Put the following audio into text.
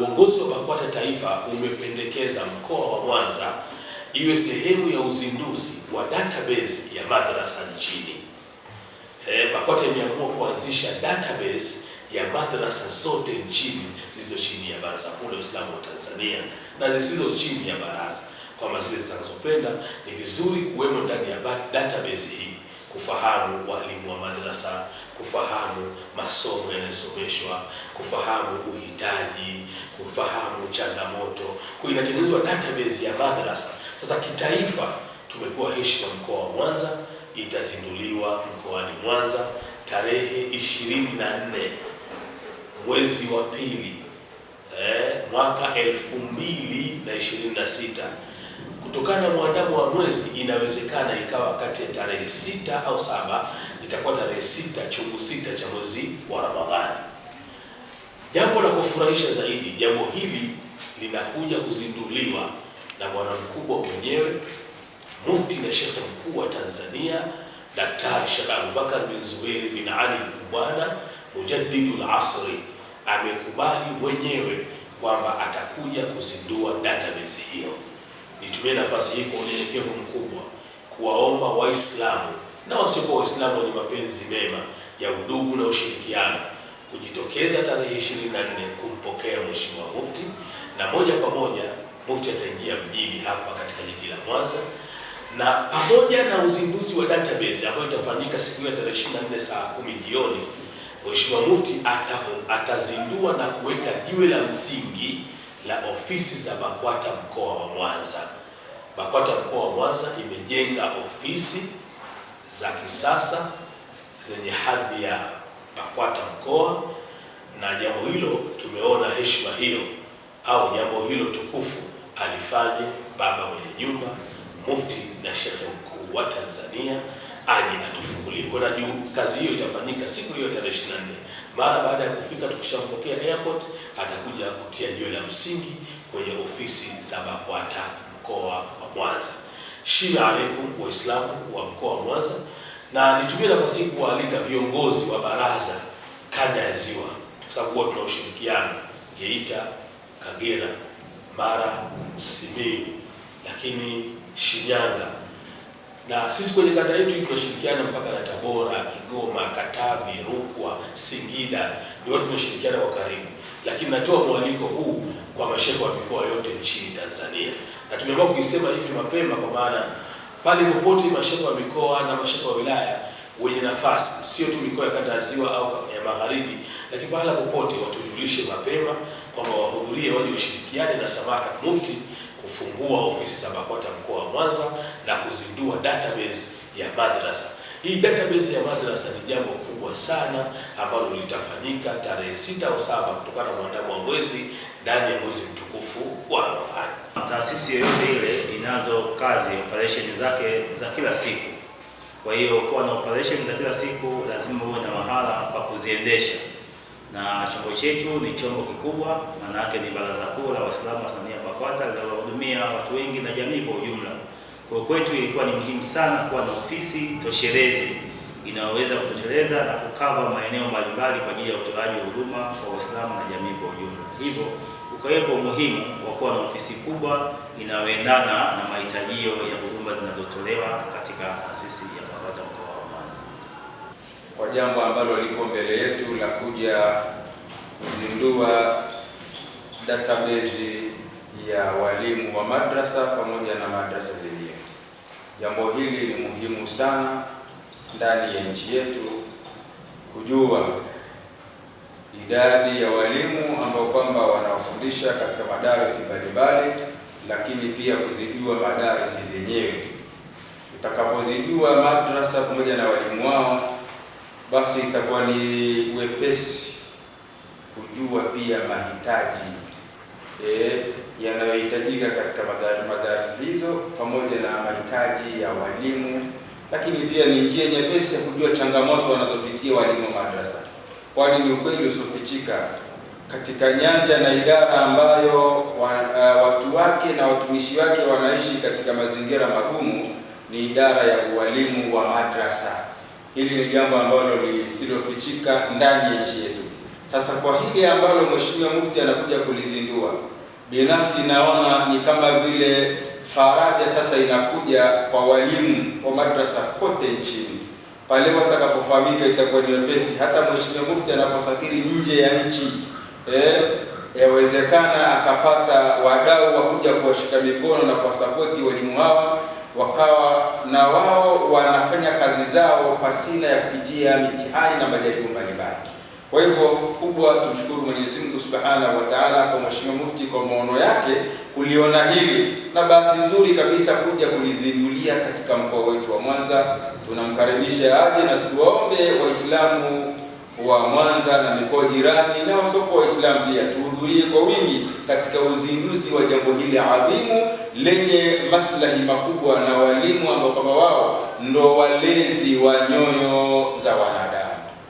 uongozi wa BAKWATA taifa umependekeza mkoa wa Mwanza iwe sehemu ya uzinduzi wa database ya madrasa nchini. E, BAKWATA imeamua kuanzisha database ya madrasa zote nchini zilizo chini ya Baraza Kuu la Waislamu wa Tanzania na zisizo chini ya baraza, kwamba zile zitakazopenda ni vizuri kuwemo ndani ya database hii, kufahamu walimu wa madrasa kufahamu masomo yanayosomeshwa, kufahamu uhitaji, kufahamu changamoto. Kwa hiyo inatengenezwa database ya madrasa. Sasa kitaifa tumepewa heshima, mkoa wa Mwanza itazinduliwa mkoani Mwanza tarehe ishirini na nne mwezi wa pili eh, mwaka elfu mbili na ishirini na sita kutokana na mwandamo wa mwezi inawezekana ikawa kati ya tarehe sita au saba itakuwa tarehe sita chungu sita cha mwezi wa Ramadhani. Jambo la kufurahisha zaidi, jambo hili linakuja kuzinduliwa na bwana mkubwa mwenyewe Mufti na Shekhe mkuu wa Tanzania Daktari Sheikh Abubakar bin Zubair bin Ali Bwana Mujaddidul Asri amekubali mwenyewe kwamba atakuja kuzindua database hiyo. Nitumie nafasi hii kwa unyenyekevu mkubwa kuwaomba Waislamu na wasiokuwa Waislamu wenye mapenzi mema ya udugu na ushirikiano kujitokeza tarehe 24 kumpokea Mheshimiwa Mufti, na moja kwa moja Mufti ataingia mjini hapa katika jiji la Mwanza, na pamoja na uzinduzi wa database ambayo itafanyika siku ya tarehe 24 saa 10 jioni. Mheshimiwa Mufti atazindua na kuweka jiwe la msingi la ofisi za BAKWATA mkoa wa Mwanza. BAKWATA mkoa wa Mwanza imejenga ofisi za kisasa zenye hadhi ya BAKWATA mkoa, na jambo hilo tumeona heshima hiyo au jambo hilo tukufu alifanye baba mwenye nyumba Mufti na Shekhe mkuu wa Tanzania aje atufungulie kuna juu. Kazi hiyo itafanyika siku hiyo tarehe 24. Mara baada ya kufika, tukishampokea airport, atakuja kutia jiwe la msingi kwenye ofisi za BAKWATA mkoa wa Mwanza. Shiba alaikum Waislamu wa mkoa wa Mwanza, na nitumie nafasi hii kuwaalika viongozi wa baraza kanda ya Ziwa, kwa sababu huwa tuna ushirikiano Geita, Kagera, Mara, Simiyu, lakini Shinyanga, na sisi kwenye kanda yetu tunashirikiana mpaka na Tabora, Kigoma, Katavi, Rukwa, Singida, ni watu tunashirikiana kwa karibu, lakini natoa mwaliko huu kwa mashehe wa mikoa yote nchini Tanzania na tumeamua kuisema hivi mapema, kwa maana pale popote mashehe wa mikoa na mashehe wa wilaya wenye nafasi, sio tu mikoa ya kanda ya ziwa au ya magharibi, lakini pahala popote watujulishe mapema kwamba wahudhurie, waje washirikiane na samaka Mufti kufungua ofisi za BAKWATA mkoa wa Mwanza na kuzindua database ya madrasa hii database ya madrasa ni jambo kubwa sana ambalo litafanyika tarehe sita au saba kutokana na mwandamo wa mwezi ndani ya mwezi mtukufu wa Ramadhani. Taasisi yoyote ile inazo kazi operation zake za kila siku, kwa hiyo kuwa na operation za kila siku lazima uwe na mahala pa kuziendesha, na chombo chetu ni chombo kikubwa, maana yake ni Baraza Kuu la Waislamu wa Tanzania BAKWATA linalohudumia watu wengi na jamii kwa ujumla. Kwa kwetu ilikuwa ni muhimu sana kuwa na ofisi toshelezi inayoweza kutosheleza na kukava maeneo mbalimbali kwa ajili ya utoaji wa huduma kwa Waislamu na jamii kwa ujumla. Hivyo ukawepo umuhimu wa kuwa na ofisi kubwa inayoendana na mahitajio ya huduma zinazotolewa katika taasisi ya BAVATA mkoa wa Mwanza. Kwa jambo ambalo liko mbele yetu la kuja kuzindua database ya walimu wa madrasa pamoja na madrasa zenyewe. Jambo hili ni muhimu sana ndani ya nchi yetu kujua idadi ya walimu ambao kwamba wanaofundisha katika madarasi mbalimbali, lakini pia kuzijua madarasi zenyewe. Utakapozijua madrasa pamoja na walimu wao, basi itakuwa ni wepesi kujua pia mahitaji e, yanayohitajika katika madarasa hizo pamoja na mahitaji ya walimu, lakini pia ni njia nyepesi ya kujua changamoto wanazopitia walimu wa madrasa, kwani ni ukweli usiofichika katika nyanja na idara ambayo wa, uh, watu wake na watumishi wake wanaishi katika mazingira magumu ni idara ya ualimu wa madrasa. Hili ni jambo ambalo lisilofichika ndani ya nchi yetu. Sasa kwa hili ambalo Mheshimiwa Mufti anakuja kulizindua Binafsi naona ni kama vile faraja sasa inakuja kwa walimu wa madrasa kote nchini, pale watakapofahamika itakuwa ni wepesi. Hata Mheshimiwa Mufti anaposafiri nje ya nchi eh, yawezekana akapata wadau wa kuja kuwashika mikono na kuwasapoti walimu hao, wakawa na wao wanafanya kazi zao pasina ya kupitia mitihani na majaribu mbalimbali. Kwa hivyo kubwa, tumshukuru Mwenyezi Mungu Subhanahu wa Ta'ala kwa Mheshimiwa Mufti kwa maono yake kuliona hili na bahati nzuri kabisa kuja kulizindulia katika mkoa wetu wa Mwanza. Tunamkaribisha aje na tuwaombe Waislamu wa Mwanza na mikoa jirani na wasoko Waislamu pia tuhudhurie kwa wingi katika uzinduzi wa jambo hili adhimu lenye maslahi makubwa na walimu ambao kama wao ndo walezi wa nyoyo za wanadamu.